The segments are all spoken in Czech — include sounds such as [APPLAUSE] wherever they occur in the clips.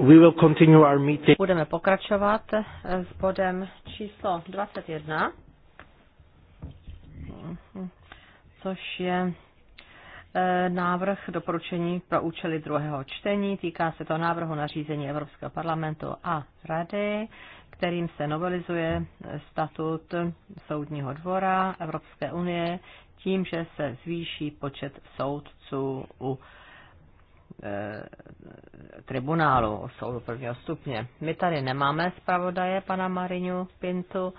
We will continue our meeting. Budeme pokračovat eh, s bodem číslo 21, což je eh, návrh doporučení pro účely druhého čtení. Týká se to návrhu nařízení Evropského parlamentu a Rady, kterým se novelizuje eh, statut Soudního dvora Evropské unie tím, že se zvýší počet soudců u Eh, tribunálu, soudu prvního stupně. My tady nemáme zpravodaje pana Mariňu Pintu,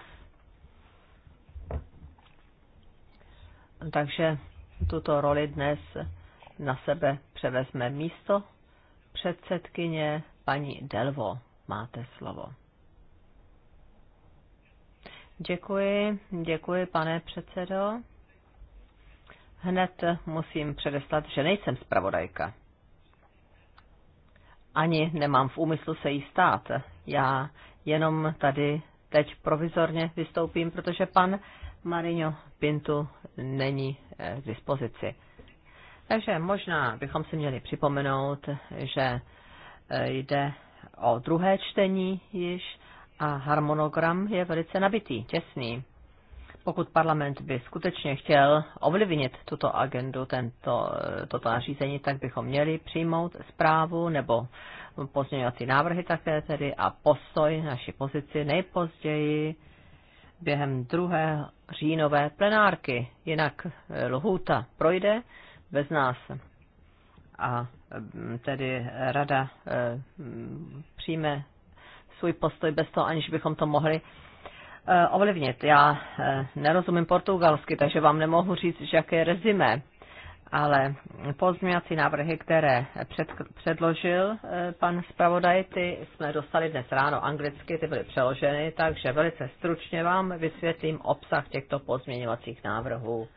takže tuto roli dnes na sebe převezme místo předsedkyně paní Delvo. Máte slovo. Děkuji, děkuji, pane předsedo. Hned musím předeslat, že nejsem zpravodajka ani nemám v úmyslu se jí stát. Já jenom tady teď provizorně vystoupím, protože pan Marino Pintu není eh, k dispozici. Takže možná bychom si měli připomenout, že eh, jde o druhé čtení již a harmonogram je velice nabitý, těsný pokud parlament by skutečně chtěl ovlivnit tuto agendu, tento, toto nařízení, tak bychom měli přijmout zprávu nebo pozměňovací návrhy také tedy a postoj, naší pozici nejpozději během druhé říjnové plenárky. Jinak eh, lhůta projde bez nás. A mm, tedy rada eh, mm, přijme svůj postoj bez toho, aniž bychom to mohli Eh, ovlivnit. Já eh, nerozumím portugalsky, takže vám nemohu říct, jaké rezime, ale pozměňovací návrhy, které před, předložil eh, pan zpravodaj, ty jsme dostali dnes ráno anglicky, ty byly přeloženy, takže velice stručně vám vysvětlím obsah těchto pozměňovacích návrhů.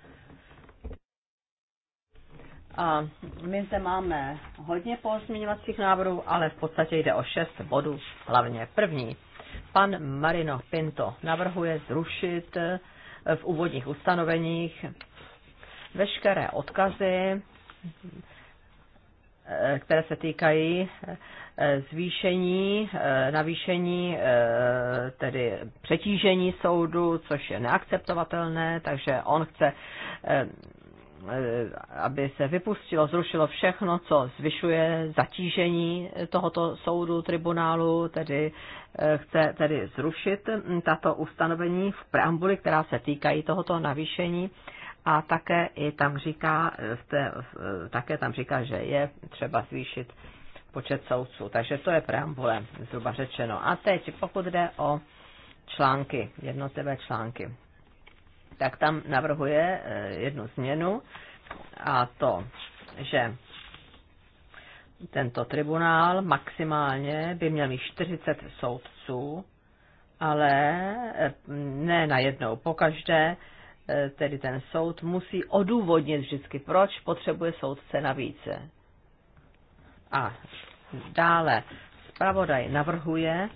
A my zde máme hodně pozměňovacích návrhů, ale v podstatě jde o šest bodů, hlavně první Pan Marino Pinto navrhuje zrušit eh, v úvodních ustanoveních veškeré odkazy, eh, které se týkají eh, zvýšení, navýšení, tedy přetížení soudu, což je neakceptovatelné, takže on chce Eh, aby se vypustilo, zrušilo všechno, co zvyšuje zatížení tohoto soudu, tribunálu, tedy eh, chce tedy zrušit hm, tato ustanovení v preambuli, která se týkají tohoto navýšení. A také i tam říká, eh, té, také tam říká, že je třeba zvýšit počet soudců. Takže to je preambule, zhruba řečeno. A teď, pokud jde o články, jednotlivé články tak tam navrhuje eh, jednu změnu a to, že tento tribunál maximálně by měl mít 40 soudců, ale eh, ne najednou, po každé, eh, tedy ten soud musí odůvodnit vždycky, proč potřebuje soudce navíc. A dále zpravodaj navrhuje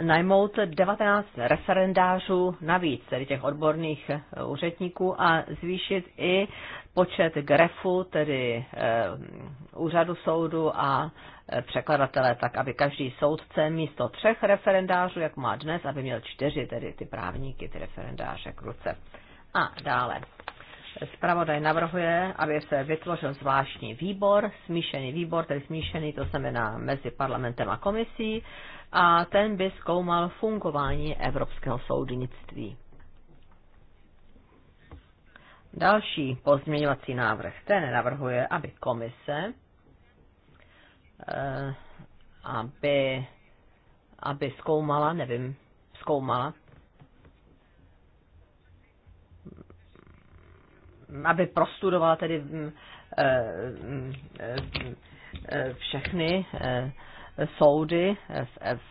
najmout 19 referendářů navíc, tedy těch odborných eh, úředníků a zvýšit i počet grefu, tedy eh, úřadu soudu a eh, překladatele, tak aby každý soudce místo třech referendářů, jak má dnes, aby měl čtyři, tedy ty právníky, ty referendáře k ruce. A dále Spravodaj navrhuje, aby se vytvořil zvláštní výbor, smíšený výbor, tedy smíšený, to znamená mezi parlamentem a komisí, a ten by zkoumal fungování Evropského soudnictví. Další pozměňovací návrh, ten navrhuje, aby komise, eh, aby, aby zkoumala, nevím, zkoumala aby prostudovala tedy mm, eh, mm, eh, mm, eh, všechny soudy v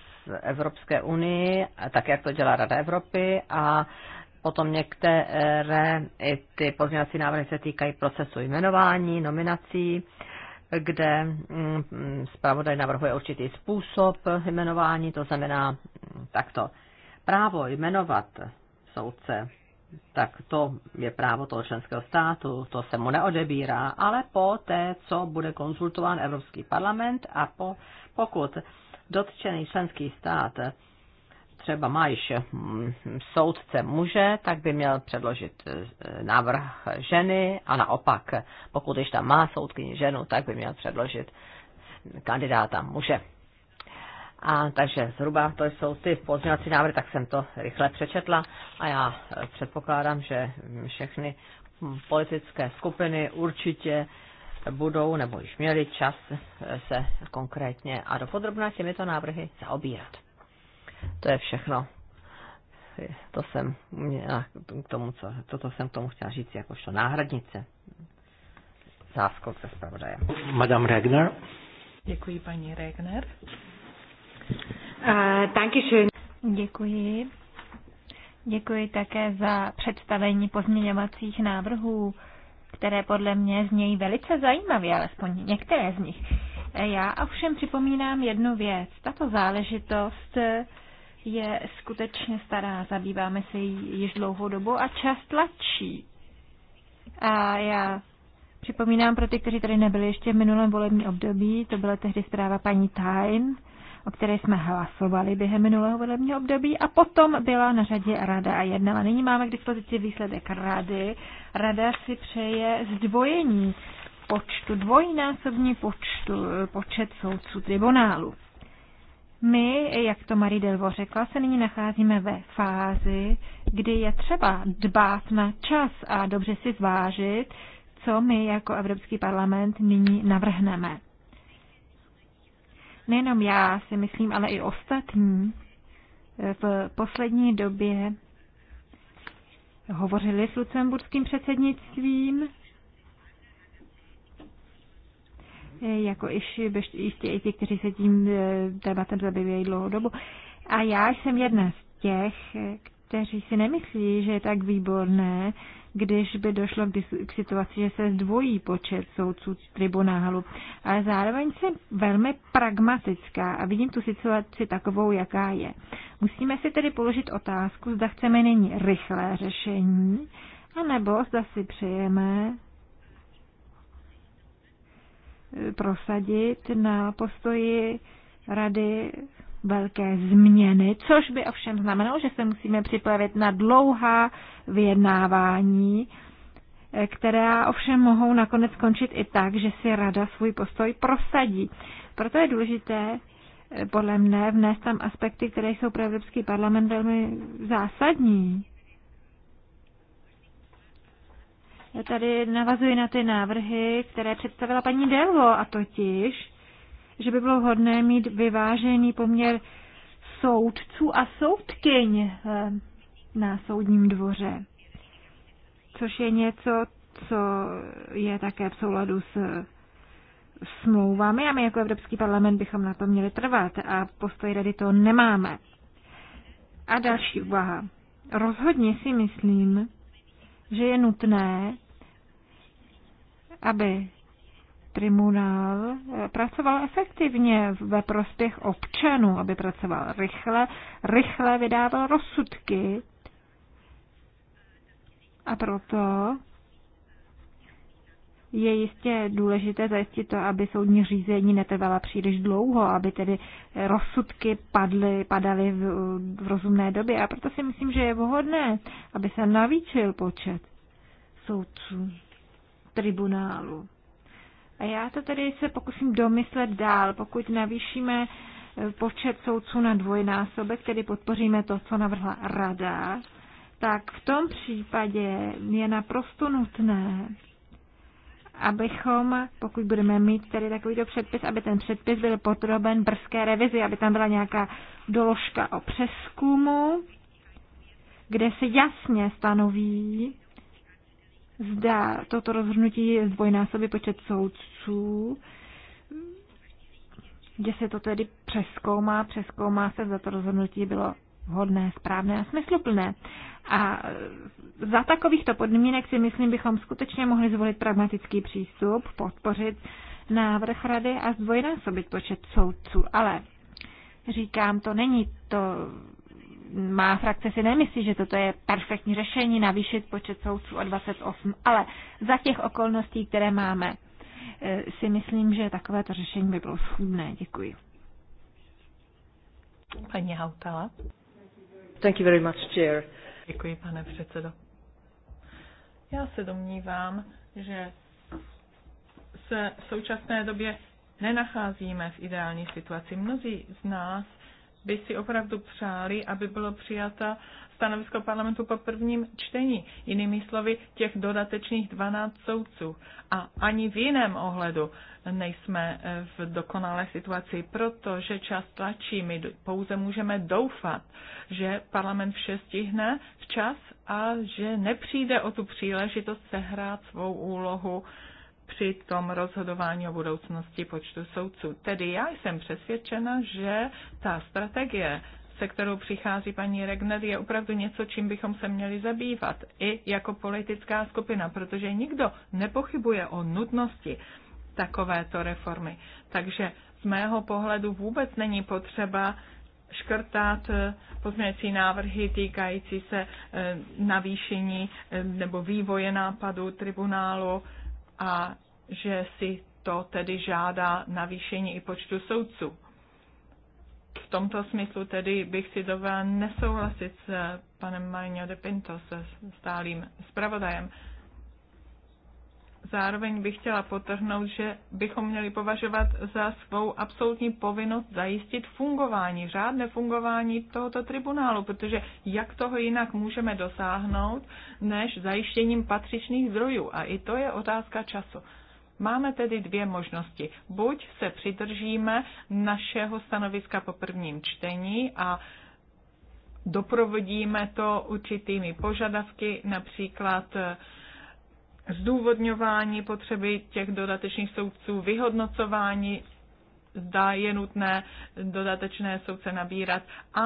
Evropské unii, tak jak to dělá Rada Evropy a potom některé i ty pozměňovací návrhy se týkají procesu jmenování, nominací, kde zpravodaj navrhuje určitý způsob jmenování, to znamená takto. Právo jmenovat soudce tak to je právo toho členského státu, to se mu neodebírá, ale po té, co bude konzultován Evropský parlament a po, pokud dotčený členský stát třeba má již hm, soudce muže, tak by měl předložit eh, návrh ženy a naopak, pokud již tam má soudkyni ženu, tak by měl předložit kandidáta muže. A takže zhruba to jsou ty pozměňovací návrhy, tak jsem to rychle přečetla a já eh, předpokládám, že všechny politické skupiny určitě budou nebo již měli čas eh, se konkrétně a dopodrobná těmito návrhy zaobírat. To je všechno. To jsem měla k tomu, co, toto jsem k tomu chtěla říct jakožto náhradnice. Záskok se zpravodaje. Madame Regner. Děkuji, paní Regner. Dankeschön. Děkuji. Děkuji také za představení pozměňovacích návrhů, které podle mě znějí velice zajímavě, alespoň některé z nich. Já ovšem připomínám jednu věc. Tato záležitost je skutečně stará, zabýváme se jí již dlouhou dobu a čas tlačí. A já připomínám pro ty, kteří tady nebyli ještě v minulém volebním období, to byla tehdy zpráva paní Tyne, o které jsme hlasovali během minulého volebního období a potom byla na řadě rada a jednala. Nyní máme k dispozici výsledek rady. Rada si přeje zdvojení počtu, dvojnásobní počtu, počet soudců tribunálu. My, jak to Marie Delvo řekla, se nyní nacházíme ve fázi, kdy je třeba dbát na čas a dobře si zvážit, co my jako Evropský parlament nyní navrhneme nejenom já si myslím, ale i ostatní eh, v poslední době hovořili s lucemburským předsednictvím, eh, jako iž i ti, kteří se tím eh, tématem zabývají dlouhou dobu. A já jsem jedna z těch, kteří si nemyslí, že je tak výborné, když by došlo k situaci, že se zdvojí počet soudců tribunálu. Ale zároveň jsem velmi pragmatická a vidím tu situaci takovou, jaká je. Musíme si tedy položit otázku, zda chceme nyní rychlé řešení, anebo zda si přejeme eh, prosadit na postoji rady velké změny, což by ovšem znamenalo, že se musíme připravit na dlouhá vyjednávání, která ovšem mohou nakonec skončit i tak, že si rada svůj postoj prosadí. Proto je důležité podle mne vnést tam aspekty, které jsou pro Evropský parlament velmi zásadní. Já tady navazuji na ty návrhy, které představila paní Delvo, a totiž že by bylo vhodné mít vyvážený poměr soudců a soudkyň eh, na soudním dvoře, což je něco, co je také v souladu s smlouvami a my jako Evropský parlament bychom na to měli trvat a postoj rady to nemáme. A další úvaha. Rozhodně si myslím, že je nutné, aby tribunál pracoval efektivně ve prospěch občanů, aby pracoval rychle, rychle vydával rozsudky. A proto je jistě důležité zajistit to, aby soudní řízení netrvala příliš dlouho, aby tedy rozsudky padly, padaly v, v rozumné době. A proto si myslím, že je vhodné, aby se navýšil počet soudců tribunálu. A já to tedy se pokusím domyslet dál. Pokud navýšíme eh, počet soudců na dvojnásobek, tedy podpoříme to, co navrhla rada, tak v tom případě je naprosto nutné, abychom, pokud budeme mít tedy takovýto předpis, aby ten předpis byl podroben brzké revizi, aby tam byla nějaká doložka o přeskumu, kde se jasně stanoví, zda toto rozhodnutí zdvojnásobí počet soudců, kde se to tedy přeskoumá, přeskoumá se, za to rozhodnutí bylo hodné, správné a smysluplné. A za takovýchto podmínek si myslím, bychom skutečně mohli zvolit pragmatický přístup, podpořit návrh rady a zdvojnásobit počet soudců. Ale říkám, to není to má frakce si nemyslí, že toto je perfektní řešení navýšit počet soudců o 28, ale za těch okolností, které máme, eh, si myslím, že takovéto řešení by bylo schůdné. Děkuji. Paní Hautala. Thank you very much, Chair. Děkuji, pane předsedo. Já se domnívám, že se v současné době nenacházíme v ideální situaci. Mnozí z nás by si opravdu přáli, aby bylo přijata stanovisko parlamentu po prvním čtení. Jinými slovy, těch dodatečných 12 soudců. A ani v jiném ohledu nejsme eh, v dokonalé situaci, protože čas tlačí. My pouze můžeme doufat, že parlament vše stihne včas a že nepřijde o tu příležitost sehrát svou úlohu při tom rozhodování o budoucnosti počtu soudců. Tedy já jsem přesvědčena, že ta strategie, se kterou přichází paní Regner, je opravdu něco, čím bychom se měli zabývat i jako politická skupina, protože nikdo nepochybuje o nutnosti takovéto reformy. Takže z mého pohledu vůbec není potřeba škrtat eh, pozměňovací návrhy týkající se eh, navýšení eh, nebo vývoje nápadu tribunálu a že si to tedy žádá navýšení i počtu soudců. V tomto smyslu tedy bych si dovolila nesouhlasit s panem Marino de Pinto, se stálým zpravodajem. Zároveň bych chtěla potrhnout, že bychom měli považovat za svou absolutní povinnost zajistit fungování, řádné fungování tohoto tribunálu, protože jak toho jinak můžeme dosáhnout, než zajištěním patřičných zdrojů. A i to je otázka času. Máme tedy dvě možnosti. Buď se přidržíme našeho stanoviska po prvním čtení a doprovodíme to určitými požadavky, například eh, zdůvodňování potřeby těch dodatečných soudců, vyhodnocování, zda je nutné dodatečné soudce nabírat, a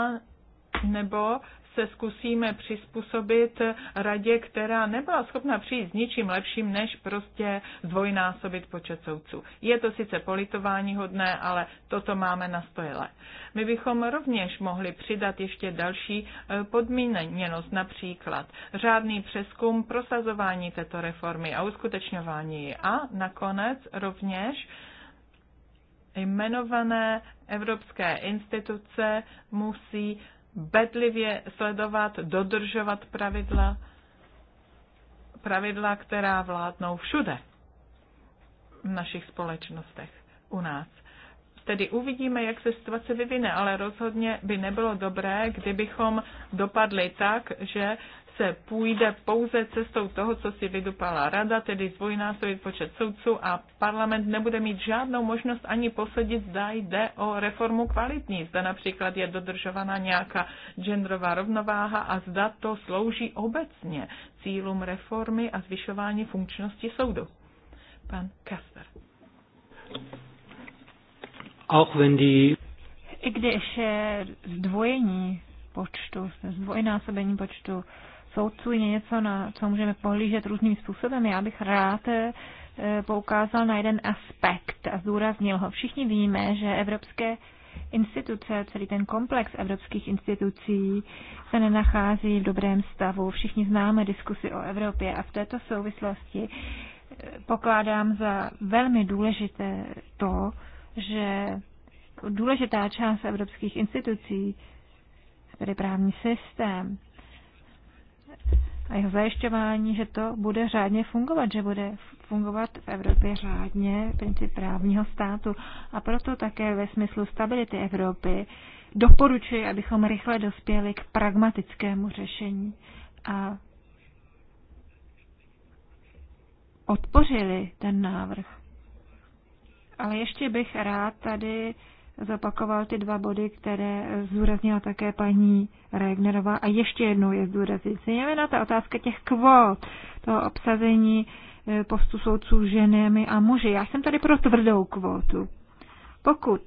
nebo se zkusíme přizpůsobit radě, která nebyla schopna přijít s ničím lepším, než prostě zdvojnásobit počet soudců. Je to sice politování hodné, ale toto máme na stojele. My bychom rovněž mohli přidat ještě další e, podmíněnost, například řádný přeskum prosazování této reformy a uskutečňování a nakonec rovněž jmenované evropské instituce musí bedlivě sledovat, dodržovat pravidla, pravidla, která vládnou všude v našich společnostech u nás. Tedy uvidíme, jak se situace vyvine, ale rozhodně by nebylo dobré, kdybychom dopadli tak, že se půjde pouze cestou toho, co si vydupala rada, tedy zdvojnásobit počet soudců a parlament nebude mít žádnou možnost ani posledit, zda jde o reformu kvalitní, zda například je dodržovaná nějaká genderová rovnováha a zda to slouží obecně cílům reformy a zvyšování funkčnosti soudu. Pan Kasper. Auch wenn die I když zdvojení počtu, zdvojnásobení počtu soudců, je něco, na co můžeme pohlížet různým způsobem. Já bych rád eh, poukázal na jeden aspekt a zdůraznil ho. Všichni víme, že evropské instituce, celý ten komplex evropských institucí se nenachází v dobrém stavu. Všichni známe diskusy o Evropě a v této souvislosti eh, pokládám za velmi důležité to, že důležitá část evropských institucí, tedy právní systém, a jeho zajišťování, že to bude řádně fungovat, že bude fungovat v Evropě řádně princip právního státu. A proto také ve smyslu stability Evropy doporučuji, abychom rychle dospěli k pragmatickému řešení a odpořili ten návrh. Ale ještě bych rád tady zopakoval ty dva body, které zúraznila také paní Regnerová a ještě jednou je zdůraznit. na ta otázka těch kvót, toho obsazení eh, postu soudců ženami a muži. Já jsem tady pro tvrdou kvótu. Pokud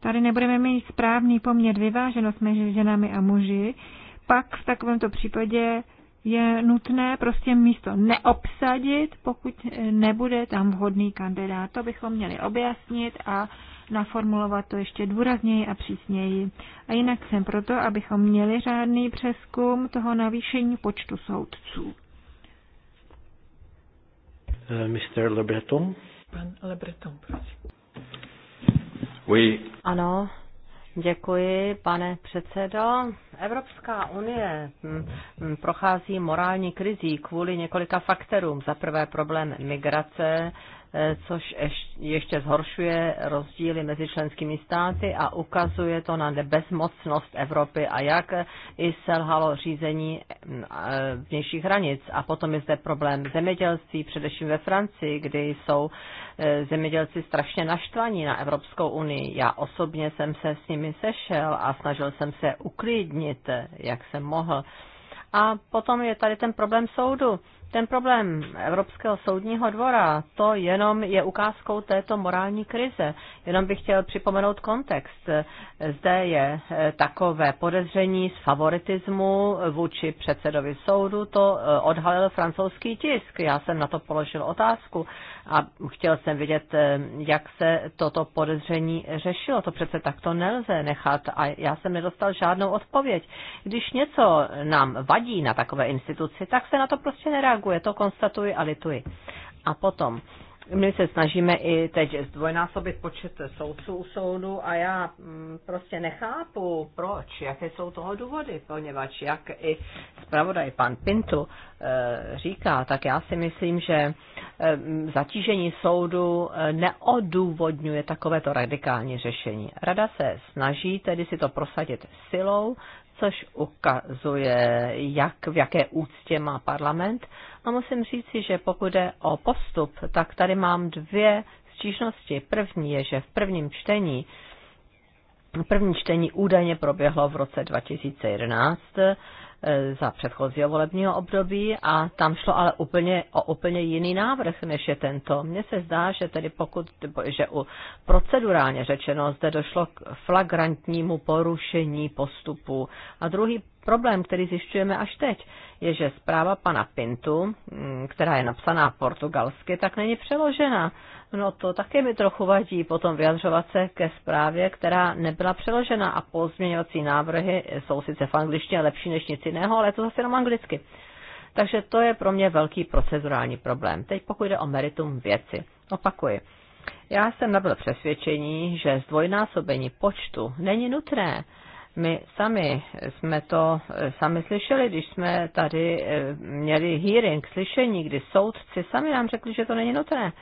tady nebudeme mít správný poměr vyváženost mezi ženami a muži, pak v takovémto případě je nutné prostě místo neobsadit, pokud eh, nebude tam vhodný kandidát. To bychom měli objasnit a naformulovat to ještě důrazněji a přísněji. A jinak jsem proto, abychom měli řádný přeskum toho navýšení počtu soudců. Eh, Mr. Lebreton. Pan Lebreton, prosím. Oui. Ano, Děkuji, pane předsedo. Evropská unie hm, hm, prochází morální krizí kvůli několika faktorům. Za prvé problém migrace, Eh, což ještě zhoršuje rozdíly mezi členskými státy a ukazuje to na bezmocnost Evropy a jak i selhalo řízení mm, vnějších hranic. A potom je zde problém zemědělství, především ve Francii, kdy jsou eh, zemědělci strašně naštvaní na Evropskou unii. Já osobně jsem se s nimi sešel a snažil jsem se uklidnit, eh, jak jsem mohl. A potom je tady ten problém soudu ten problém Evropského soudního dvora, to jenom je ukázkou této morální krize. Jenom bych chtěl připomenout kontext. Zde je eh, takové podezření z favoritismu vůči předsedovi soudu, to eh, odhalil francouzský tisk. Já jsem na to položil otázku a chtěl jsem vidět, eh, jak se toto podezření řešilo. To přece takto nelze nechat a já jsem nedostal žádnou odpověď. Když něco nám vadí na takové instituci, tak se na to prostě nereaguje. To konstatuji a lituji. A potom my se snažíme i teď zdvojnásobit počet soudců u soudu a já mm, prostě nechápu, proč, jaké jsou toho důvody, poněvadž jak i zpravodaj pan Pintu eh, říká, tak já si myslím, že eh, mm, zatížení soudu eh, neodůvodňuje takovéto radikální řešení. Rada se snaží tedy si to prosadit silou, což ukazuje, jak, v jaké úctě má parlament a musím říci, že pokud jde o postup, tak tady mám dvě stížnosti. První je, že v prvním čtení První čtení údajně proběhlo v roce 2011 eh, za předchozího volebního období a tam šlo ale úplně, o úplně jiný návrh, než je tento. Mně se zdá, že tedy pokud, že u procedurálně řečeno zde došlo k flagrantnímu porušení postupu. A druhý Problém, který zjišťujeme až teď, je, že zpráva pana Pintu, mm, která je napsaná portugalsky, tak není přeložena. No to také mi trochu vadí potom vyjadřovat se ke zprávě, která nebyla přeložena a pozměňovací návrhy jsou sice v angličtině lepší než nic jiného, ale je to zase jenom anglicky. Takže to je pro mě velký procedurální problém. Teď pokud jde o meritum věci. Opakuji. Já jsem nabyl přesvědčení, že zdvojnásobení počtu není nutné. My sami jsme to eh, sami slyšeli, když jsme tady eh, měli hearing, slyšení, kdy soudci sami nám řekli, že to není nutné.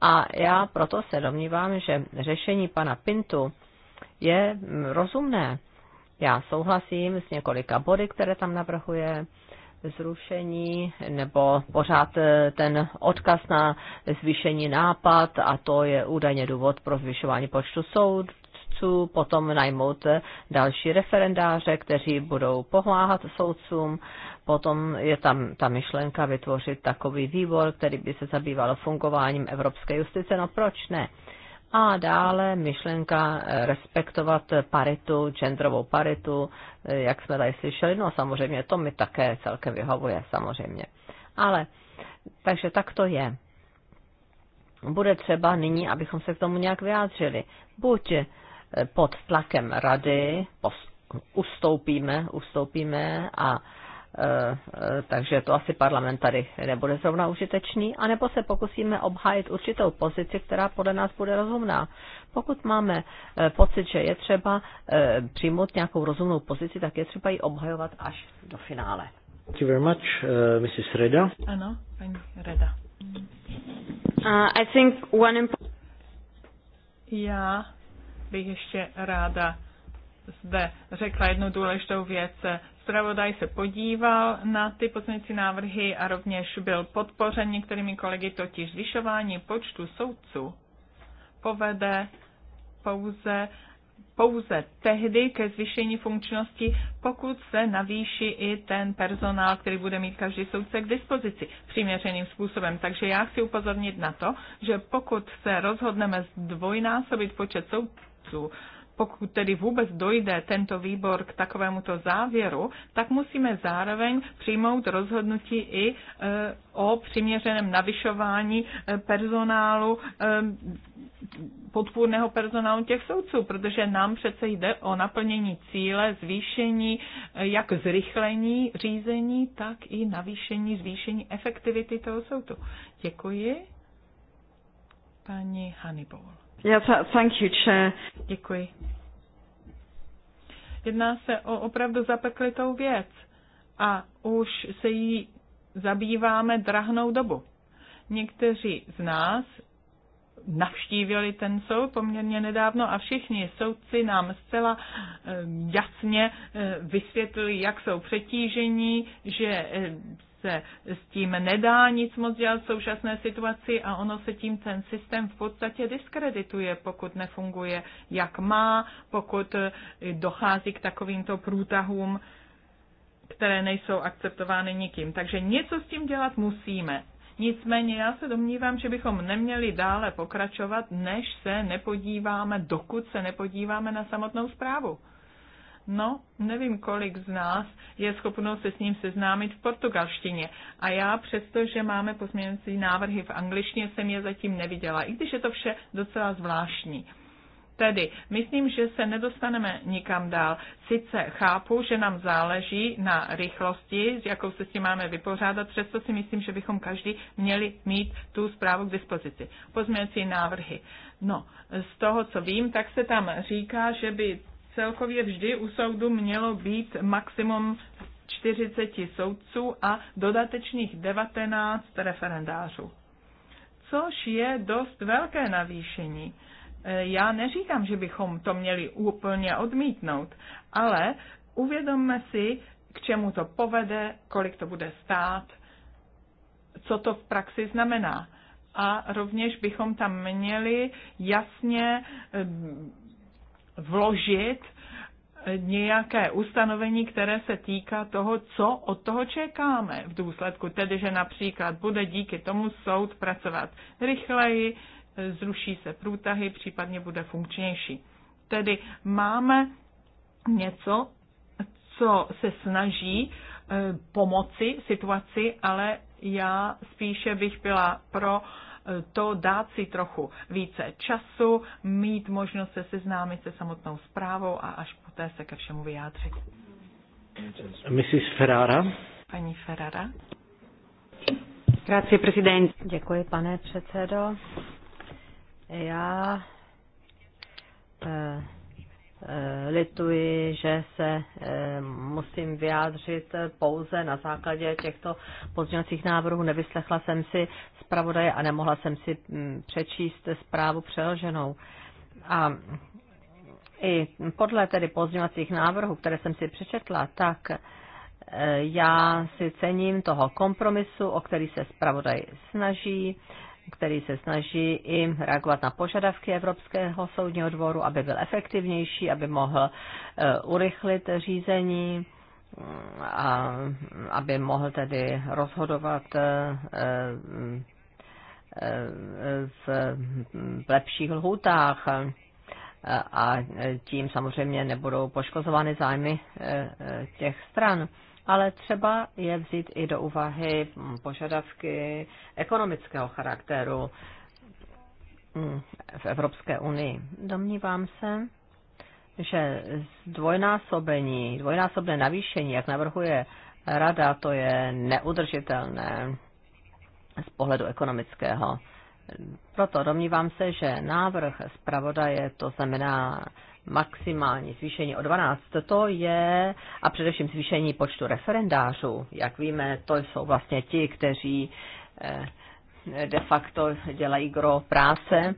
A já proto se domnívám, že řešení pana Pintu je mm, rozumné. Já souhlasím s několika body, které tam navrhuje zrušení nebo pořád eh, ten odkaz na zvýšení nápad a to je údajně důvod pro zvyšování počtu soud, soudců, potom najmout další referendáře, kteří budou pomáhat soudcům, potom je tam ta myšlenka vytvořit takový výbor, který by se zabýval fungováním evropské justice, no proč ne? A dále myšlenka respektovat paritu, genderovou paritu, jak jsme tady slyšeli, no samozřejmě to mi také celkem vyhovuje, samozřejmě. Ale, takže tak to je. Bude třeba nyní, abychom se k tomu nějak vyjádřili. Buď Eh, pod tlakem rady ustoupíme, ustoupíme a eh, eh, takže to asi parlament tady nebude zrovna užitečný, anebo se pokusíme obhájit určitou pozici, která podle nás bude rozumná. Pokud máme pocit, že je třeba přijmout nějakou rozumnou pozici, tak je třeba ji obhajovat až do finále. Thank you very much, uh, Mrs. Reda. Ano, paní Reda. Uh, I think one important... Já bych ještě ráda zde řekla jednu důležitou věc. Zpravodaj se podíval na ty pozměňující návrhy a rovněž byl podpořen některými kolegy, totiž zvyšování počtu soudců povede pouze, pouze tehdy ke zvýšení funkčnosti, pokud se navýší i ten personál, který bude mít každý soudce k dispozici přiměřeným způsobem. Takže já chci upozornit na to, že pokud se rozhodneme zdvojnásobit počet soudců, výrobců. Pokud tedy vůbec dojde tento výbor k takovémuto závěru, tak musíme zároveň přijmout rozhodnutí i e, o přiměřeném navyšování e, personálu, e, podpůrného personálu těch soudců, protože nám přece jde o naplnění cíle, zvýšení jak zrychlení řízení, tak i navýšení, zvýšení efektivity toho soudu. Děkuji. Pani Hannibal. Yeah, thank you, chair. Děkuji. Jedná se o opravdu zapeklitou věc a už se jí zabýváme drahnou dobu. Někteří z nás navštívili ten soud poměrně nedávno a všichni soudci nám zcela eh, jasně eh, vysvětlili, jak jsou přetížení, že eh, se s tím nedá nic moc dělat v současné situaci a ono se tím ten systém v podstatě diskredituje, pokud nefunguje jak má, pokud eh, dochází k takovýmto průtahům, které nejsou akceptovány nikým. Takže něco s tím dělat musíme. Nicméně já se domnívám, že bychom neměli dále pokračovat, než se nepodíváme, dokud se nepodíváme na samotnou zprávu. No, nevím, kolik z nás je schopno se s ním seznámit v portugalštině. A já přestože máme pozměňující návrhy v angličtině, jsem je zatím neviděla, i když je to vše docela zvláštní. Tedy, myslím, že se nedostaneme nikam dál. Sice chápu, že nám záleží na rychlosti, s jakou se s tím máme vypořádat, přesto si myslím, že bychom každý měli mít tu zprávu k dispozici. Pozměňující návrhy. No, z toho, co vím, tak se tam říká, že by celkově vždy u soudu mělo být maximum 40 soudců a dodatečných 19 referendářů. Což je dost velké navýšení. E, já neříkám, že bychom to měli úplně odmítnout, ale uvědomme si, k čemu to povede, kolik to bude stát, co to v praxi znamená. A rovněž bychom tam měli jasně e, vložit nějaké ustanovení, které se týká toho, co od toho čekáme v důsledku. Tedy, že například bude díky tomu soud pracovat rychleji, zruší se průtahy, případně bude funkčnější. Tedy máme něco, co se snaží eh, pomoci situaci, ale já spíše bych byla pro uh, to dát si trochu více času, mít možnost se seznámit se samotnou zprávou a až poté se ke všemu vyjádřit. Mrs. Ferrara. Paní Ferrara. Grazie, prezident. Děkuji, pane předsedo. Já eh, Eh, lituji, že se eh, musím vyjádřit pouze na základě těchto pozdělacích návrhů. Nevyslechla jsem si zpravodaje a nemohla jsem si mm, přečíst zprávu přeloženou. A i podle tedy pozdělacích návrhů, které jsem si přečetla, tak eh, já si cením toho kompromisu, o který se zpravodaj snaží který se snaží i reagovat na požadavky Evropského soudního dvoru, aby byl efektivnější, aby mohl eh, urychlit řízení a aby mohl tedy rozhodovat eh, eh, v lepších lhůtách a tím samozřejmě nebudou poškozovány zájmy těch stran ale třeba je vzít i do úvahy požadavky ekonomického charakteru mm, v Evropské unii. Domnívám se, že zdvojnásobení, dvojnásobné navýšení, jak navrhuje rada, to je neudržitelné z pohledu ekonomického proto domnívám se, že návrh zpravodaje, to znamená maximální zvýšení o 12, to je a především zvýšení počtu referendářů. Jak víme, to jsou vlastně ti, kteří eh, de facto dělají gro práce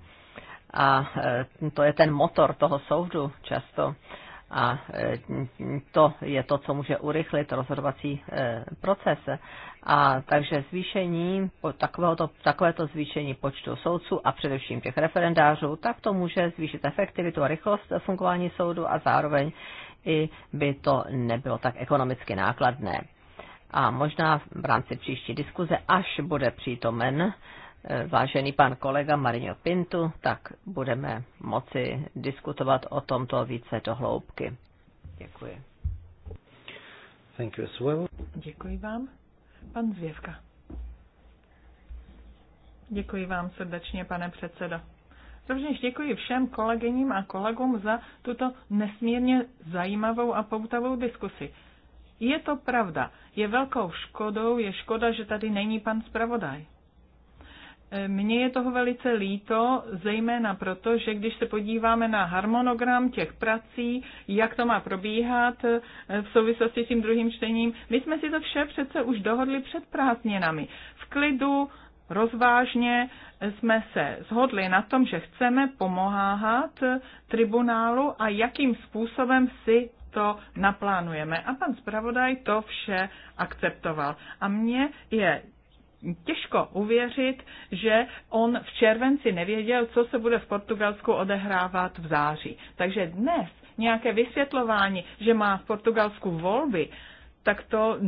a eh, to je ten motor toho soudu často. A eh, to je to, co může urychlit rozhodovací proces. A takže zvýšení, takovéto, takovéto zvýšení počtu soudců a především těch referendářů, tak to může zvýšit efektivitu a rychlost fungování soudu a zároveň i by to nebylo tak ekonomicky nákladné. A možná v rámci příští diskuze, až bude přítomen e, vážený pan kolega Marino Pintu, tak budeme moci diskutovat o tomto více hloubky. Děkuji. Thank you as well. Děkuji vám. Pan Zvěvka. Děkuji vám srdečně, pane předsedo. Rovněž děkuji všem kolegyním a kolegům za tuto nesmírně zajímavou a poutavou diskusi. Je to pravda. Je velkou škodou, je škoda, že tady není pan zpravodaj. Mně je toho velice líto, zejména proto, že když se podíváme na harmonogram těch prací, jak to má probíhat eh, v souvislosti s tím druhým čtením, my jsme si to vše přece už dohodli před prázdninami. V klidu, rozvážně jsme se shodli na tom, že chceme pomáhat tribunálu a jakým způsobem si to naplánujeme. A pan zpravodaj to vše akceptoval. A mně je těžko uvěřit, že on v červenci nevěděl, co se bude v Portugalsku odehrávat v září. Takže dnes nějaké vysvětlování, že má v Portugalsku volby, tak to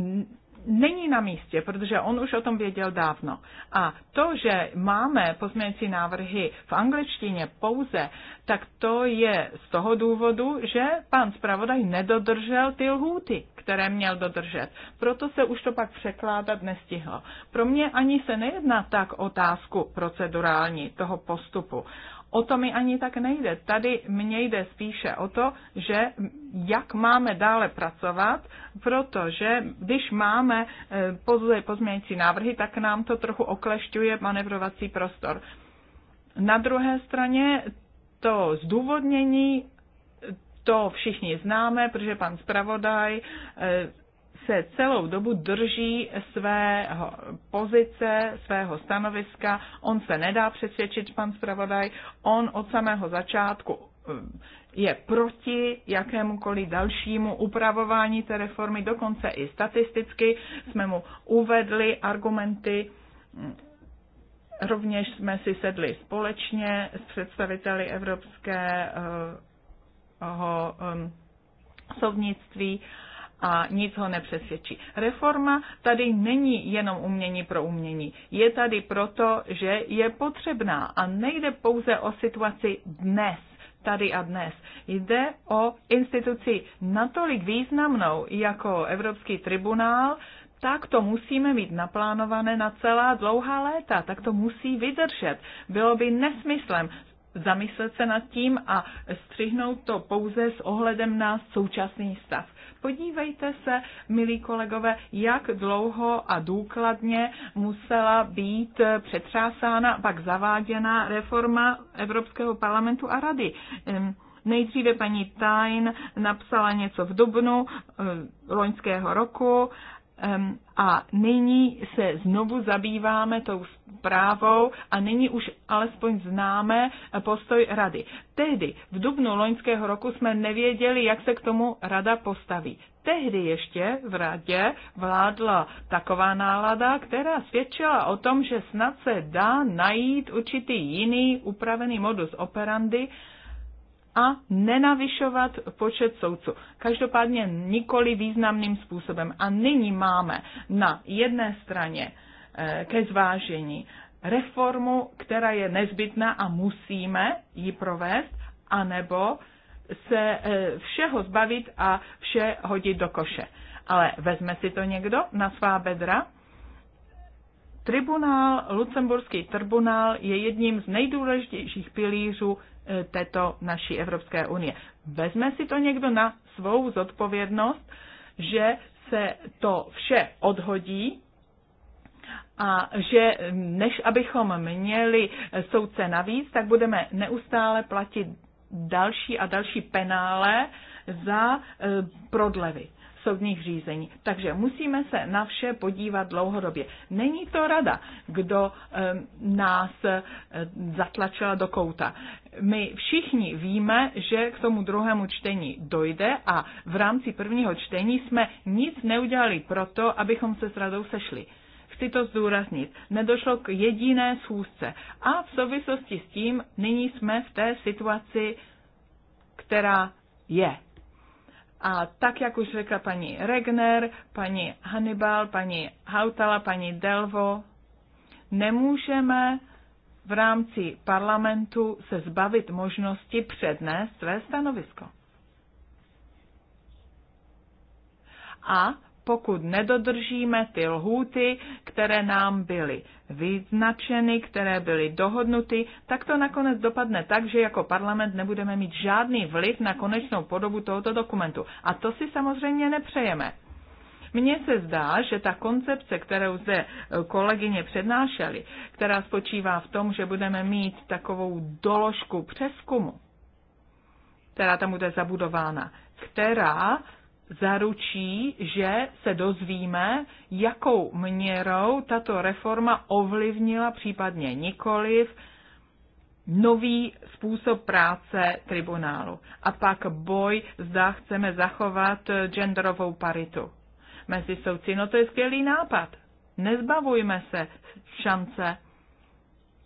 není na místě, protože on už o tom věděl dávno. A to, že máme pozměňující návrhy v angličtině pouze, tak to je z toho důvodu, že pan zpravodaj nedodržel ty lhůty, které měl dodržet. Proto se už to pak překládat nestihlo. Pro mě ani se nejedná tak otázku procedurální toho postupu. O to mi ani tak nejde. Tady mně jde spíše o to, že jak máme dále pracovat, protože když máme eh, pouze pozměňující návrhy, tak nám to trochu oklešťuje manevrovací prostor. Na druhé straně to zdůvodnění, to všichni známe, protože pan zpravodaj eh, se celou dobu drží své pozice, svého stanoviska. On se nedá přesvědčit, pan zpravodaj. On od samého začátku um, je proti jakémukoliv dalšímu upravování té reformy. Dokonce i statisticky jsme mu uvedli argumenty, Rovněž jsme si sedli společně s představiteli Evropského um, soudnictví a nic ho nepřesvědčí. Reforma tady není jenom umění pro umění. Je tady proto, že je potřebná a nejde pouze o situaci dnes tady a dnes. Jde o instituci natolik významnou jako Evropský tribunál, tak to musíme mít naplánované na celá dlouhá léta, tak to musí vydržet. Bylo by nesmyslem zamyslet se nad tím a střihnout to pouze s ohledem na současný stav. Podívejte se, milí kolegové, jak dlouho a důkladně musela být přetřásána, pak zaváděna reforma Evropského parlamentu a rady. Nejdříve paní Tain napsala něco v dubnu eh, loňského roku a nyní se znovu zabýváme tou zprávou a nyní už alespoň známe postoj rady. Tehdy, v dubnu loňského roku, jsme nevěděli, jak se k tomu rada postaví. Tehdy ještě v radě vládla taková nálada, která svědčila o tom, že snad se dá najít určitý jiný upravený modus operandi, a nenavyšovat počet soudců. Každopádně nikoli významným způsobem. A nyní máme na jedné straně eh, ke zvážení reformu, která je nezbytná a musíme ji provést, anebo se eh, všeho zbavit a vše hodit do koše. Ale vezme si to někdo na svá bedra? Tribunál, Lucemburský tribunál je jedním z nejdůležitějších pilířů e, této naší Evropské unie. Vezme si to někdo na svou zodpovědnost, že se to vše odhodí a že než abychom měli soudce navíc, tak budeme neustále platit další a další penále za e, prodlevy soudních řízení. Takže musíme se na vše podívat dlouhodobě. Není to rada, kdo nás eh, zatlačila do kouta. My všichni víme, že k tomu druhému čtení dojde a v rámci prvního čtení jsme nic neudělali proto, abychom se s radou sešli chci to zdůraznit, nedošlo k jediné schůzce. A v souvislosti s tím nyní jsme v té situaci, která je. A tak, jak už řekla paní Regner, paní Hannibal, paní Hautala, paní Delvo, nemůžeme v rámci parlamentu se zbavit možnosti přednést své stanovisko. A pokud nedodržíme ty lhůty, které nám byly vyznačeny, které byly dohodnuty, tak to nakonec dopadne tak, že jako parlament nebudeme mít žádný vliv na konečnou podobu tohoto dokumentu. A to si samozřejmě nepřejeme. Mně se zdá, že ta koncepce, kterou zde eh, kolegyně přednášely, která spočívá v tom, že budeme mít takovou doložku přeskumu, která tam bude zabudována, která zaručí, že se dozvíme, jakou měrou tato reforma ovlivnila, případně nikoliv, nový způsob práce tribunálu. A pak boj, zda chceme zachovat eh, genderovou paritu mezi soudci. No to je skvělý nápad. Nezbavujme se šance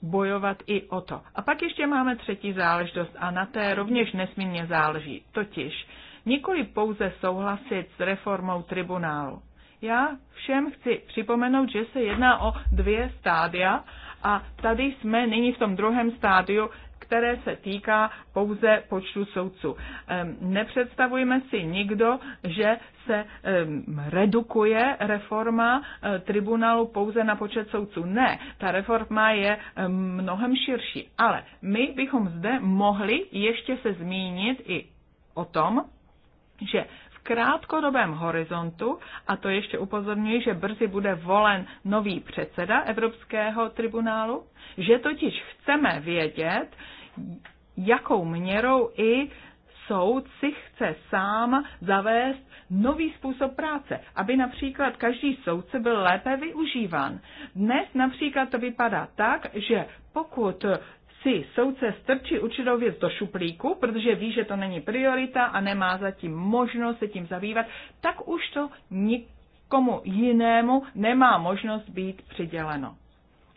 bojovat i o to. A pak ještě máme třetí záležitost a na té rovněž nesmírně záleží. Totiž nikoli pouze souhlasit s reformou tribunálu. Já všem chci připomenout, že se jedná o dvě stádia a tady jsme nyní v tom druhém stádiu, které se týká pouze počtu soudců. Ehm, nepředstavujeme si nikdo, že se ehm, redukuje reforma eh, tribunálu pouze na počet soudců. Ne, ta reforma je ehm, mnohem širší, ale my bychom zde mohli ještě se zmínit i o tom, že v krátkodobém horizontu, a to ještě upozorňuji, že brzy bude volen nový předseda Evropského tribunálu, že totiž chceme vědět, jakou měrou i soud si chce sám zavést nový způsob práce, aby například každý soudce byl lépe využíván. Dnes například to vypadá tak, že pokud si soudce strčí určitou věc do šuplíku, protože ví, že to není priorita a nemá zatím možnost se tím zabývat, tak už to nikomu jinému nemá možnost být přiděleno.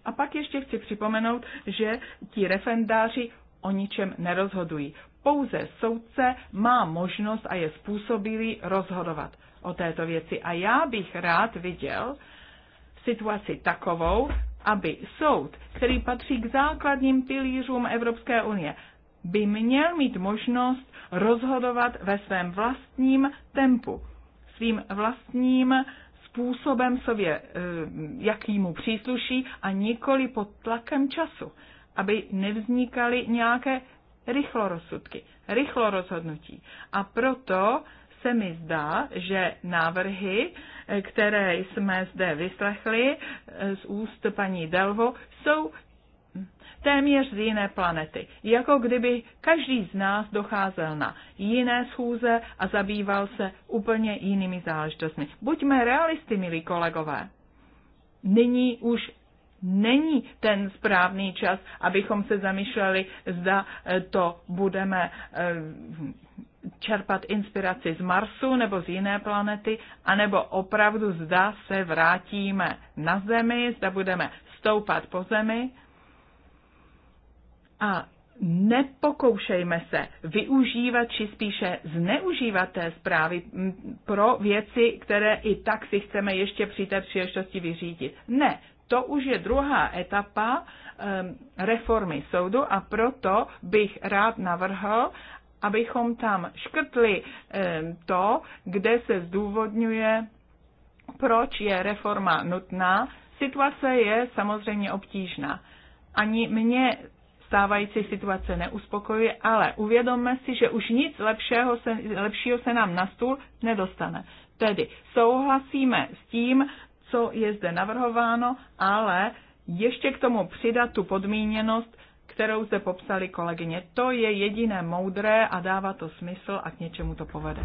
A pak ještě chci připomenout, že ti referendáři o ničem nerozhodují. Pouze soudce má možnost a je způsobilý rozhodovat o této věci. A já bych rád viděl situaci takovou, aby soud, který patří k základním pilířům Evropské unie, by měl mít možnost rozhodovat ve svém vlastním tempu, svým vlastním způsobem sobě, eh, jaký mu přísluší a nikoli pod tlakem času, aby nevznikaly nějaké rychlorozsudky, rychlorozhodnutí, A proto se mi zdá, že návrhy, které jsme zde vyslechli eh, z úst paní Delvo, jsou téměř z jiné planety. Jako kdyby každý z nás docházel na jiné schůze a zabýval se úplně jinými záležitostmi. Buďme realisty, milí kolegové. Nyní už není ten správný čas, abychom se zamýšleli, zda eh, to budeme eh, čerpat inspiraci z Marsu nebo z jiné planety, anebo opravdu zda se vrátíme na Zemi, zda budeme stoupat po Zemi. A nepokoušejme se využívat či spíše zneužívat té zprávy pro věci, které i tak si chceme ještě při té příležitosti vyřídit. Ne, to už je druhá etapa ehm, reformy soudu a proto bych rád navrhl, abychom tam škrtli eh, to, kde se zdůvodňuje, proč je reforma nutná. Situace je samozřejmě obtížná. Ani mě stávající situace neuspokojuje, ale uvědomme si, že už nic lepšího se, lepšího se nám na stůl nedostane. Tedy souhlasíme s tím, co je zde navrhováno, ale ještě k tomu přidat tu podmíněnost, kterou zde popsali kolegyně. To je jediné moudré a dává to smysl a k něčemu to povede.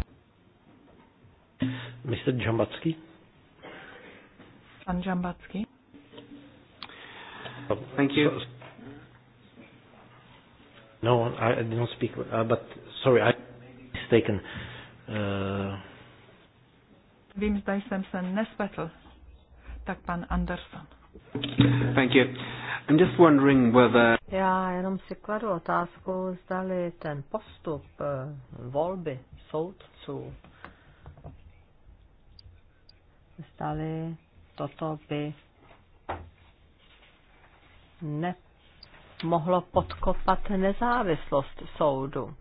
Mr. Džambacký? Pan Džambacký? Thank you. No, I, don't speak, uh, but sorry, I mistaken. Uh... Vím, zda jsem se nespetl. Tak pan Anderson. Thank you. I'm just wondering whether já jenom si kladu otázku, zdali ten postup eh, volby soudců, zdali toto by nemohlo podkopat nezávislost soudu.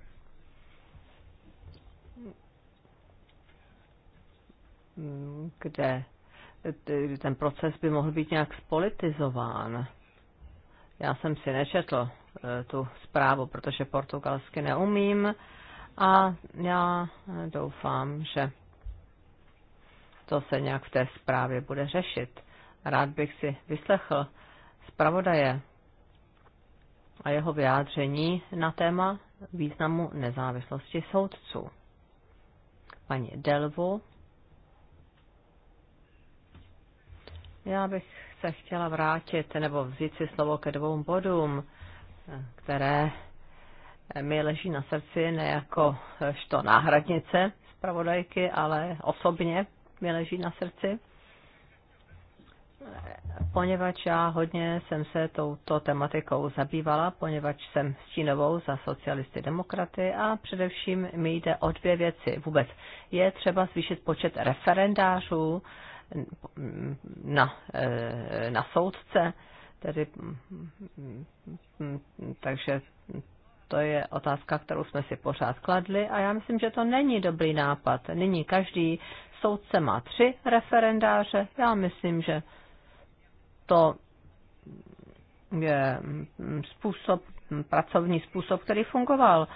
Kde ten proces by mohl být nějak spolitizován. Já jsem si nečetl eh, tu zprávu, protože portugalsky neumím a já eh, doufám, že to se nějak v té zprávě bude řešit. Rád bych si vyslechl zpravodaje a jeho vyjádření na téma významu nezávislosti soudců. Paní Delvo. já bych se chtěla vrátit nebo vzít si slovo ke dvou bodům, které mi leží na srdci ne jako što náhradnice zpravodajky, ale osobně mi leží na srdci poněvadž já hodně jsem se touto tematikou zabývala, poněvadž jsem stínovou za socialisty demokraty a především mi jde o dvě věci. Vůbec je třeba zvýšit počet referendářů na, e, na soudce. Tedy, takže to je otázka, kterou jsme si pořád kladli a já myslím, že to není dobrý nápad. Nyní každý soudce má tři referendáře. Já myslím, že to je způsob, pracovní způsob, který fungoval.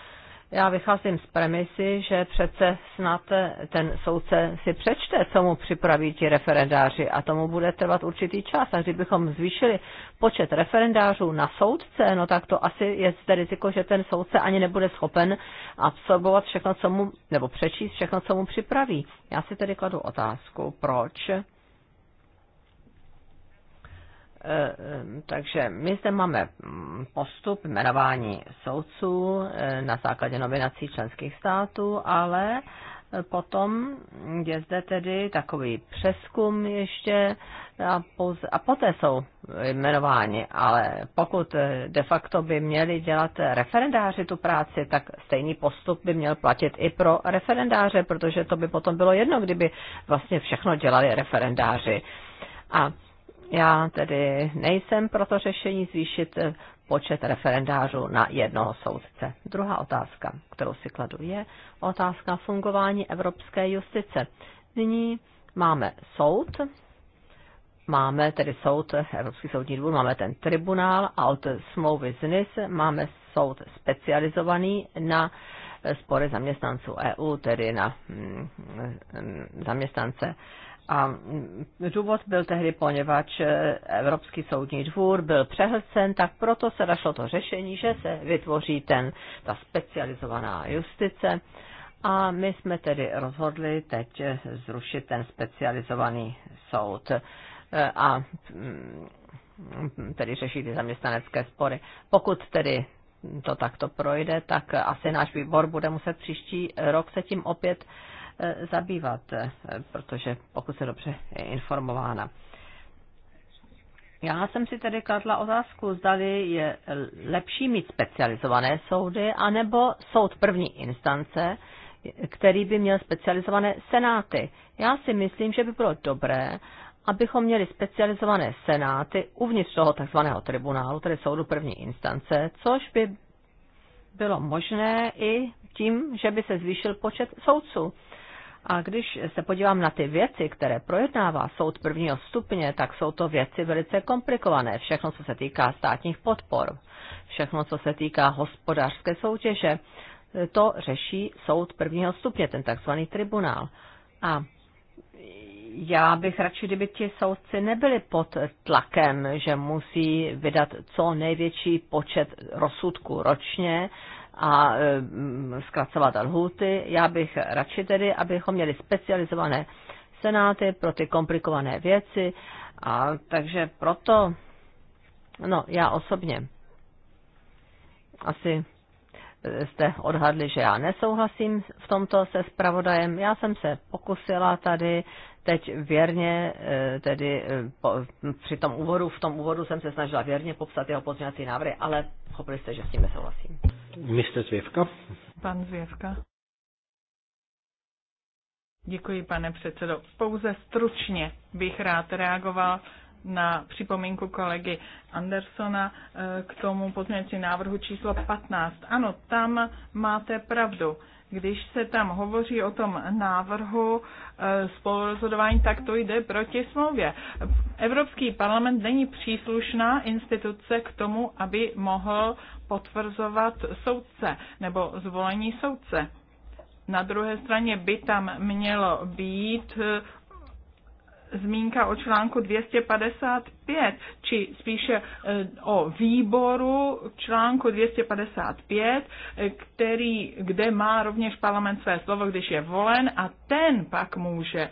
Já vycházím z premisy, že přece snad eh, ten soudce si přečte, co mu připraví ti referendáři a tomu bude trvat určitý čas. A kdybychom zvýšili počet referendářů na soudce, no tak to asi je zde riziko, že ten soudce ani nebude schopen absorbovat všechno, co mu, nebo přečíst všechno, co mu připraví. Já si tedy kladu otázku, proč Eh, takže my zde máme mm, postup jmenování soudců eh, na základě nominací členských států, ale eh, potom je zde tedy takový přeskum ještě a, pouze, a poté jsou jmenováni, ale pokud de facto by měli dělat referendáři tu práci, tak stejný postup by měl platit i pro referendáře, protože to by potom bylo jedno, kdyby vlastně všechno dělali referendáři. A já tedy nejsem pro to řešení zvýšit počet referendářů na jednoho soudce. Druhá otázka, kterou si kladu, je otázka fungování evropské justice. Nyní máme soud, máme tedy soud, Evropský soudní dvůr, máme ten tribunál a od smlouvy z NIS máme soud specializovaný na spory zaměstnanců EU, tedy na mm, mm, zaměstnance a důvod byl tehdy, poněvadž Evropský soudní dvůr byl přehlcen, tak proto se našlo to řešení, že se vytvoří ten, ta specializovaná justice. A my jsme tedy rozhodli teď zrušit ten specializovaný soud a mm, tedy řešit ty zaměstnanecké spory. Pokud tedy to takto projde, tak asi náš výbor bude muset příští rok se tím opět E, zabývat, e, protože pokud se dobře informována. Já jsem si tedy kladla otázku, zdali je lepší mít specializované soudy, anebo soud první instance, který by měl specializované senáty. Já si myslím, že by bylo dobré, abychom měli specializované senáty uvnitř toho takzvaného tribunálu, tedy soudu první instance, což by bylo možné i tím, že by se zvýšil počet soudců. A když se podívám na ty věci, které projednává soud prvního stupně, tak jsou to věci velice komplikované. Všechno, co se týká státních podpor, všechno, co se týká hospodářské soutěže, to řeší soud prvního stupně, ten takzvaný tribunál. A já bych radši, kdyby ti soudci nebyli pod tlakem, že musí vydat co největší počet rozsudků ročně a mm, zkracovat lhuty. Já bych radši tedy, abychom měli specializované senáty pro ty komplikované věci. A takže proto, no já osobně asi jste odhadli, že já nesouhlasím v tomto se spravodajem. Já jsem se pokusila tady teď věrně, eh, tedy eh, po, při tom úvodu, v tom úvodu jsem se snažila věrně popsat jeho pozměňovací návrhy, ale pochopili jste, že s tím nesouhlasím. Mr. Zvěvka. Pan Zvěvka. Děkuji, pane předsedo. Pouze stručně bych rád reagoval na připomínku kolegy Andersona eh, k tomu pozměňovací návrhu číslo 15. Ano, tam máte pravdu. Když se tam hovoří o tom návrhu eh, spolurozhodování, tak to jde proti smlouvě. Evropský parlament není příslušná instituce k tomu, aby mohl potvrzovat soudce nebo zvolení soudce. Na druhé straně by tam mělo být eh, zmínka o článku 255, či spíše e, o výboru článku 255, e, který, kde má rovněž parlament své slovo, když je volen a ten pak může e,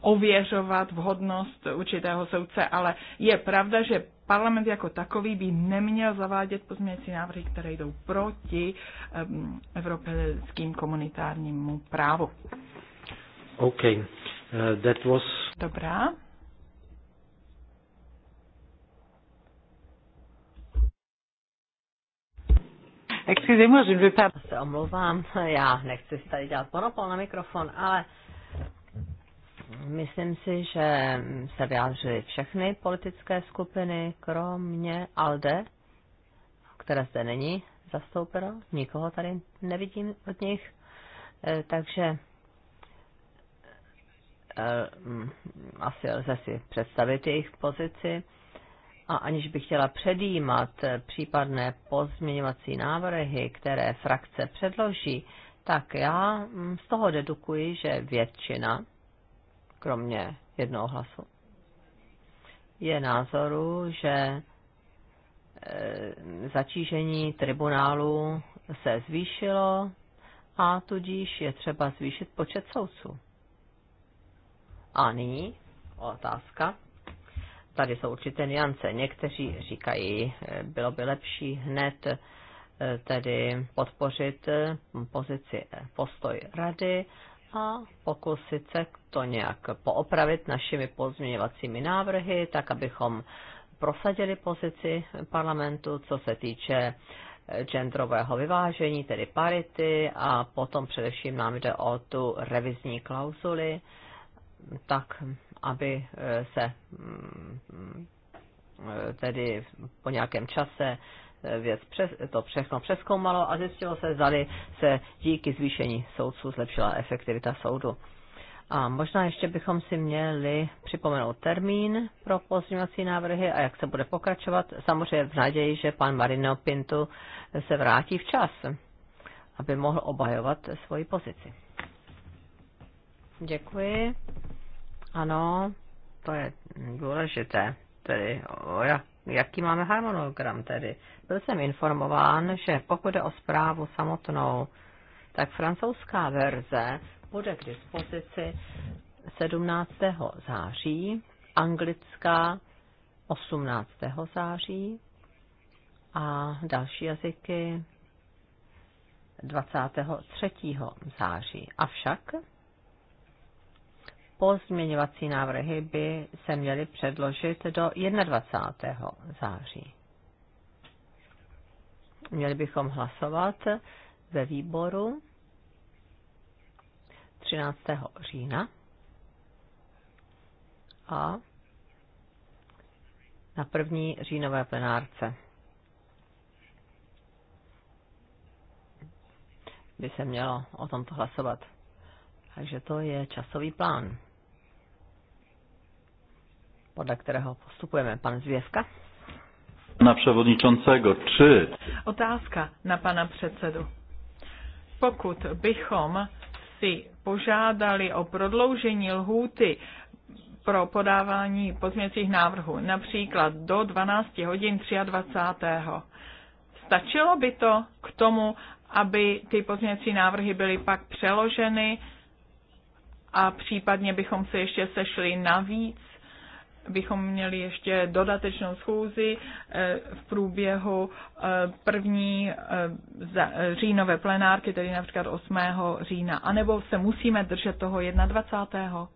ověřovat vhodnost určitého soudce, ale je pravda, že parlament jako takový by neměl zavádět pozměňující návrhy, které jdou proti evropským komunitárnímu právu. Okay. Eh, that was... Dobrá. Excuse me, je ne pas... Se omlouvám, [LAUGHS] já nechci si tady dělat monopol na mikrofon, ale myslím si, že se vyjádřily všechny politické skupiny, kromě ALDE, které zde není zastoupeno, nikoho tady nevidím od nich, eh, takže Eh, asi lze si představit jejich pozici. A aniž bych chtěla předjímat eh, případné pozměňovací návrhy, které frakce předloží, tak já mm, z toho dedukuji, že většina, kromě jednoho hlasu, je názoru, že eh, zatížení tribunálu se zvýšilo a tudíž je třeba zvýšit počet soudců. A nyní otázka. Tady jsou určité niance. Někteří říkají, eh, bylo by lepší hned eh, tedy podpořit eh, pozici, postoj rady a pokusit se to nějak poopravit našimi pozměňovacími návrhy, tak abychom prosadili pozici parlamentu, co se týče genderového vyvážení, tedy parity, a potom především nám jde o tu revizní klauzuli, tak, aby eh, se mm, eh, tedy po nějakém čase eh, věc přes, to všechno přeskoumalo a zjistilo se, zdali se díky zvýšení soudců zlepšila efektivita soudu. A možná ještě bychom si měli připomenout termín pro pozměňovací návrhy a jak se bude pokračovat. Samozřejmě v naději, že pan Marino Pintu se vrátí včas, aby mohl obhajovat svoji pozici. Děkuji. Ano, to je důležité. Tedy, o jaký máme harmonogram tedy? Byl jsem informován, že pokud je o zprávu samotnou, tak francouzská verze bude k dispozici 17. září, anglická 18. září a další jazyky 23. září. Avšak Pozměňovací návrhy by se měly předložit do 21. září. Měli bychom hlasovat ve výboru 13. října a na první říjnové plenárce. by se mělo o tomto hlasovat. Takže to je časový plán podle kterého postupujeme. Pan Zvěvka. Na převodničoncego, či... Otázka na pana předsedu. Pokud bychom si požádali o prodloužení lhůty pro podávání pozměcích návrhů, například do 12 hodin 23. Stačilo by to k tomu, aby ty pozměcí návrhy byly pak přeloženy a případně bychom se ještě sešli navíc bychom měli ještě dodatečnou schůzi eh, v průběhu eh, první eh, říjnové plenárky, tedy například 8. října, anebo se musíme držet toho 21.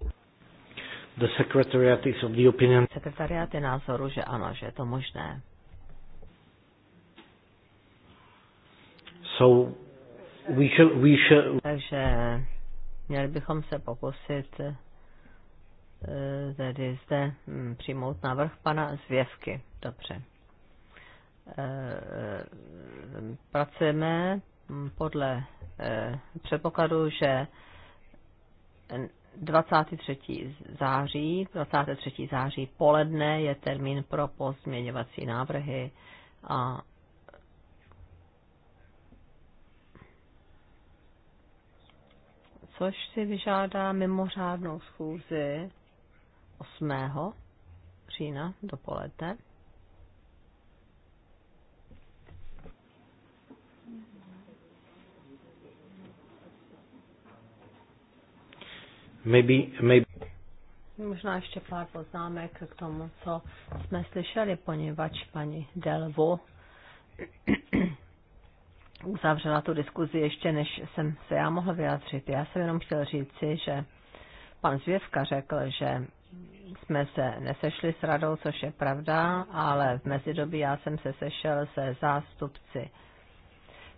The secretariat is of the opinion. Sekretariat je názoru, že ano, že je to možné. So we shall, we shall... Takže měli bychom se pokusit Eh, tedy zde hm, přijmout návrh pana Zvěvky. Dobře. Eh, pracujeme hm, podle eh, předpokladu, že 23. září, 23. září poledne je termín pro pozměňovací návrhy a což si vyžádá mimořádnou schůzi 8. října dopoledne. Maybe, maybe. Možná ještě pár poznámek k tomu, co jsme slyšeli, poněvadž paní Delvo [CLEARS THROAT] uzavřela tu diskuzi ještě, než jsem se já mohl vyjádřit. Já jsem jenom chtěl říci, že pan Zvěvka řekl, že jsme se nesešli s radou, což je pravda, ale v mezidobí já jsem se sešel se zástupci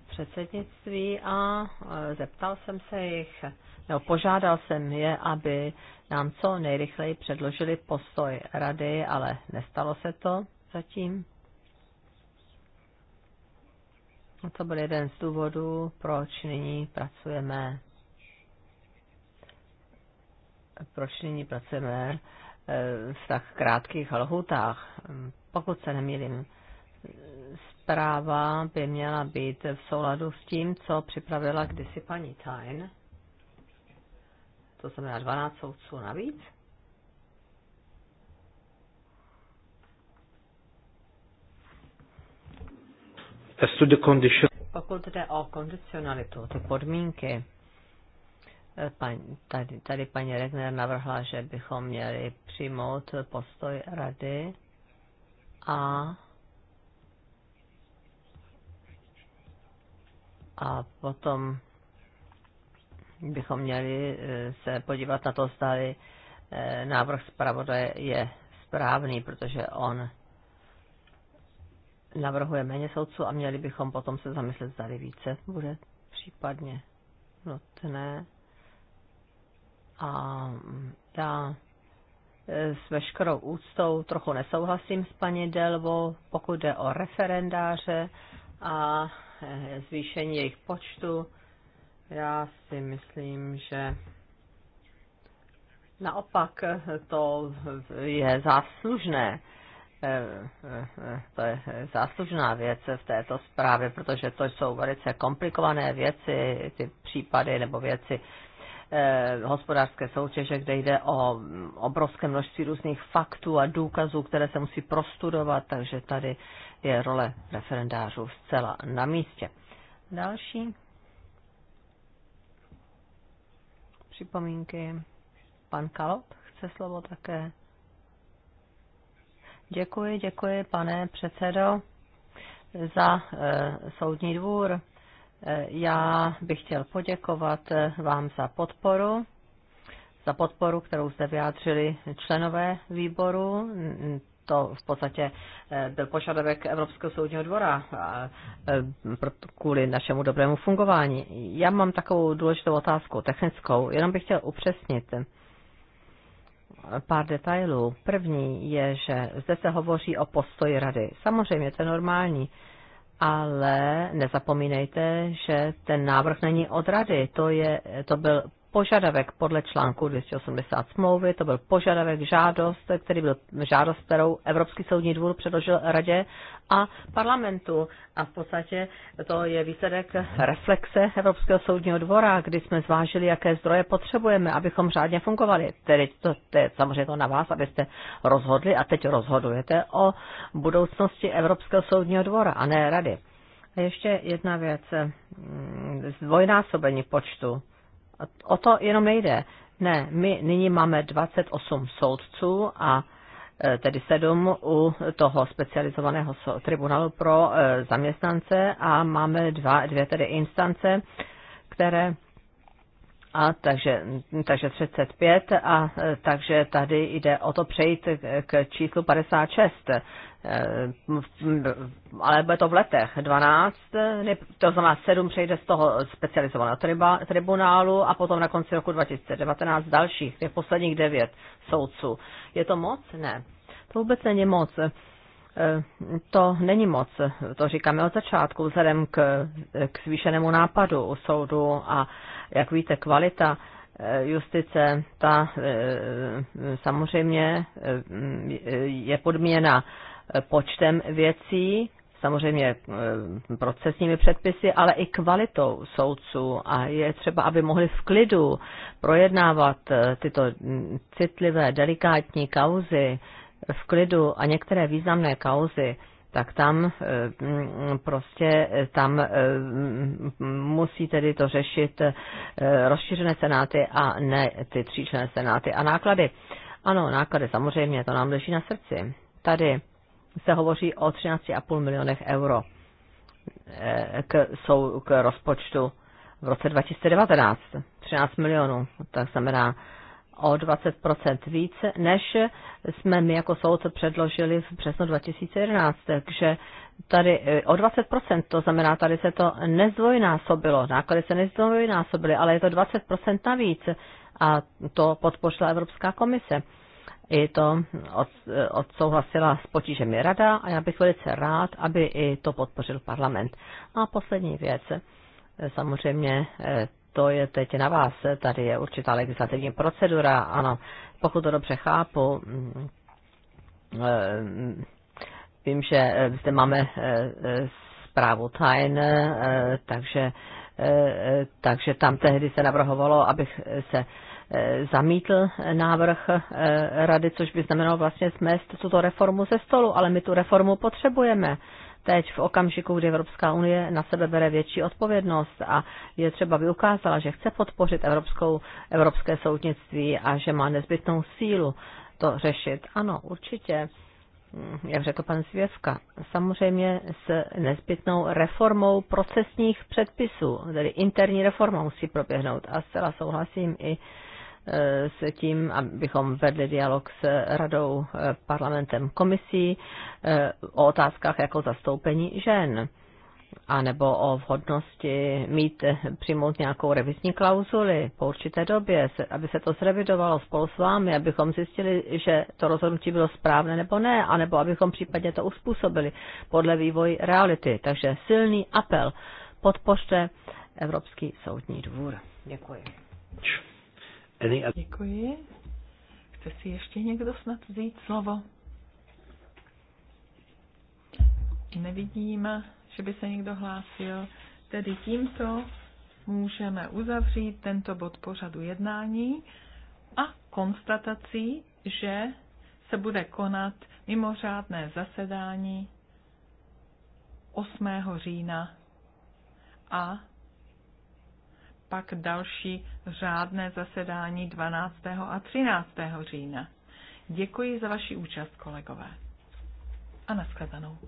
předsednictví a e, zeptal jsem se jich, nebo požádal jsem je, aby nám co nejrychleji předložili postoj rady, ale nestalo se to zatím. A to byl jeden z důvodů, proč nyní pracujeme proč nyní pracujeme Eh, v tak krátkých lhutách. Pokud se nemýlím, zpráva by měla být v souladu s tím, co připravila kdysi paní Tain. To znamená 12 soudců navíc. Pokud jde o kondicionalitu, ty podmínky, Eh, tady, tady paní Regner navrhla, že bychom měli přijmout postoj rady a a potom bychom měli eh, se podívat na to, zda eh, návrh zpravodaje je správný, protože on navrhuje méně soudců a měli bychom potom se zamyslet, zda více bude případně nutné. A já e, s veškerou úctou trochu nesouhlasím s paní Delvo, pokud jde o referendáře a e, zvýšení jejich počtu. Já si myslím, že naopak to je záslužné. E, to je záslužná věc v této zprávě, protože to jsou velice komplikované věci, ty případy nebo věci, Eh, hospodářské soutěže, kde jde o mm, obrovské množství různých faktů a důkazů, které se musí prostudovat, takže tady je role referendářů zcela na místě. Další připomínky. Pan Kalot chce slovo také. Děkuji, děkuji, pane předsedo, za e, soudní dvůr. Já bych chtěl poděkovat eh, vám za podporu, za podporu, kterou zde vyjádřili členové výboru. To v podstatě eh, byl požadavek Evropského soudního dvora eh, kvůli našemu dobrému fungování. Já mám takovou důležitou otázku, technickou. Jenom bych chtěl upřesnit pár detailů. První je, že zde se hovoří o postoji rady. Samozřejmě, to je normální ale nezapomínejte, že ten návrh není od rady. To, je, to byl požadavek podle článku 280 smlouvy, to byl požadavek žádost, který byl žádost, kterou Evropský soudní dvůr předložil radě a parlamentu. A v podstatě to je výsledek reflexe Evropského soudního dvora, kdy jsme zvážili, jaké zdroje potřebujeme, abychom řádně fungovali. Tedy to, to je samozřejmě to na vás, abyste rozhodli a teď rozhodujete o budoucnosti Evropského soudního dvora a ne rady. A ještě jedna věc, hmm, zdvojnásobení počtu O to jenom nejde. Ne, my nyní máme 28 soudců a e, tedy sedm u toho specializovaného tribunálu pro e, zaměstnance a máme dva, dvě tedy instance, které a takže, takže 35 a takže tady jde o to přejít k číslu 56. E, ale bude to v letech 12, to znamená 7 přejde z toho specializovaného tribunálu a potom na konci roku 2019 dalších, těch posledních 9 soudců. Je to moc? Ne. To vůbec není moc e, to není moc, to říkáme od začátku, vzhledem k, k zvýšenému nápadu u soudu a jak víte, kvalita eh, justice, ta eh, eh, samozřejmě je podměna počtem věcí, samozřejmě procesními předpisy, ale i kvalitou soudců. A je třeba, aby mohli v klidu projednávat tyto mm, citlivé, delikátní kauzy v klidu a některé významné kauzy tak tam eh, mm, prostě eh, tam eh, mm, musí tedy to řešit rozšířené senáty a ne ty tříčlené senáty a náklady. Ano, náklady samozřejmě, to nám leží na srdci. Tady se hovoří o 13,5 milionech euro k, jsou, k rozpočtu v roce 2019. 13 milionů, tak znamená o 20% více, než jsme my jako soud předložili v březnu 2011. Takže tady eh, o 20%, to znamená, tady se to nezdvojnásobilo, náklady se nezdvojnásobily, ale je to 20% navíc a to podpořila Evropská komise. I to od, eh, odsouhlasila s potížemi rada a já bych velice rád, aby i to podpořil parlament. A poslední věc, eh, samozřejmě to je teď na vás. Tady je určitá legislativní procedura, ano. Pokud to dobře chápu, eh, vím, že eh, zde máme eh, zprávu tajn, takže, takže tam tehdy se navrhovalo, abych se zamítl návrh rady, což by znamenalo vlastně smést tuto reformu ze stolu, ale my tu reformu potřebujeme teď v okamžiku, kdy Evropská unie na sebe bere větší odpovědnost a je třeba by ukázala, že chce podpořit evropskou, evropské soudnictví a že má nezbytnou sílu to řešit. Ano, určitě, mm, jak řekl pan Svěvka, samozřejmě s nezbytnou reformou procesních předpisů, tedy interní reforma musí proběhnout a zcela souhlasím i s tím, abychom vedli dialog s radou, eh, parlamentem, komisí eh, o otázkách jako zastoupení žen anebo o vhodnosti mít, eh, přijmout nějakou revizní klauzuli po určité době, aby se to zrevidovalo spolu s vámi, abychom zjistili, že to rozhodnutí bylo správné nebo ne, anebo abychom případně to uspůsobili podle vývoj reality. Takže silný apel. Podpořte Evropský soudní dvůr. Děkuji. Any... Děkuji. Chce si ještě někdo snad vzít slovo? Nevidím, že by se někdo hlásil. Tedy tímto můžeme uzavřít tento bod pořadu jednání a konstatací, že se bude konat mimořádné zasedání 8. října a pak další řádné zasedání 12. a 13. října. Děkuji za vaši účast, kolegové. A naschledanou.